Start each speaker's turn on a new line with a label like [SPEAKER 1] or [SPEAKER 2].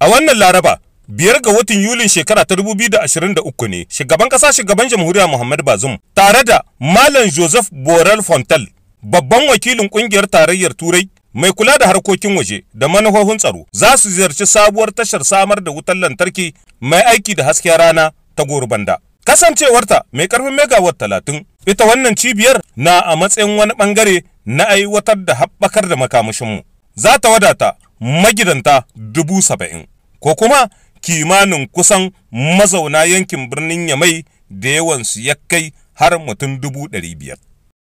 [SPEAKER 1] A wannan Laraba, biyar ga watan Yulin shekara ta dubu biyu da 2023 ne, shugaban ƙasa shugaban jamhuriya Muhammad Bazum tare da Malam Joseph Borel Fontel, babban wakilin ƙungiyar tarayyar Turai mai kula da harkokin waje da manufofin tsaro za su ziyarci sabuwar tashar samar da wutar lantarki mai aiki da hasken rana ta Gorubanda. Kasancewarta mai karfin megawatt talatin, ita wannan cibiyar na a matsayin wani bangare na aiwatar da haɓakar da makamashinmu. Za ta wadata magidanta dubu saba'in ko kuma kimanin kusan mazauna yankin birnin yamai da yawansu ya kai har mutum dubu ɗari biyar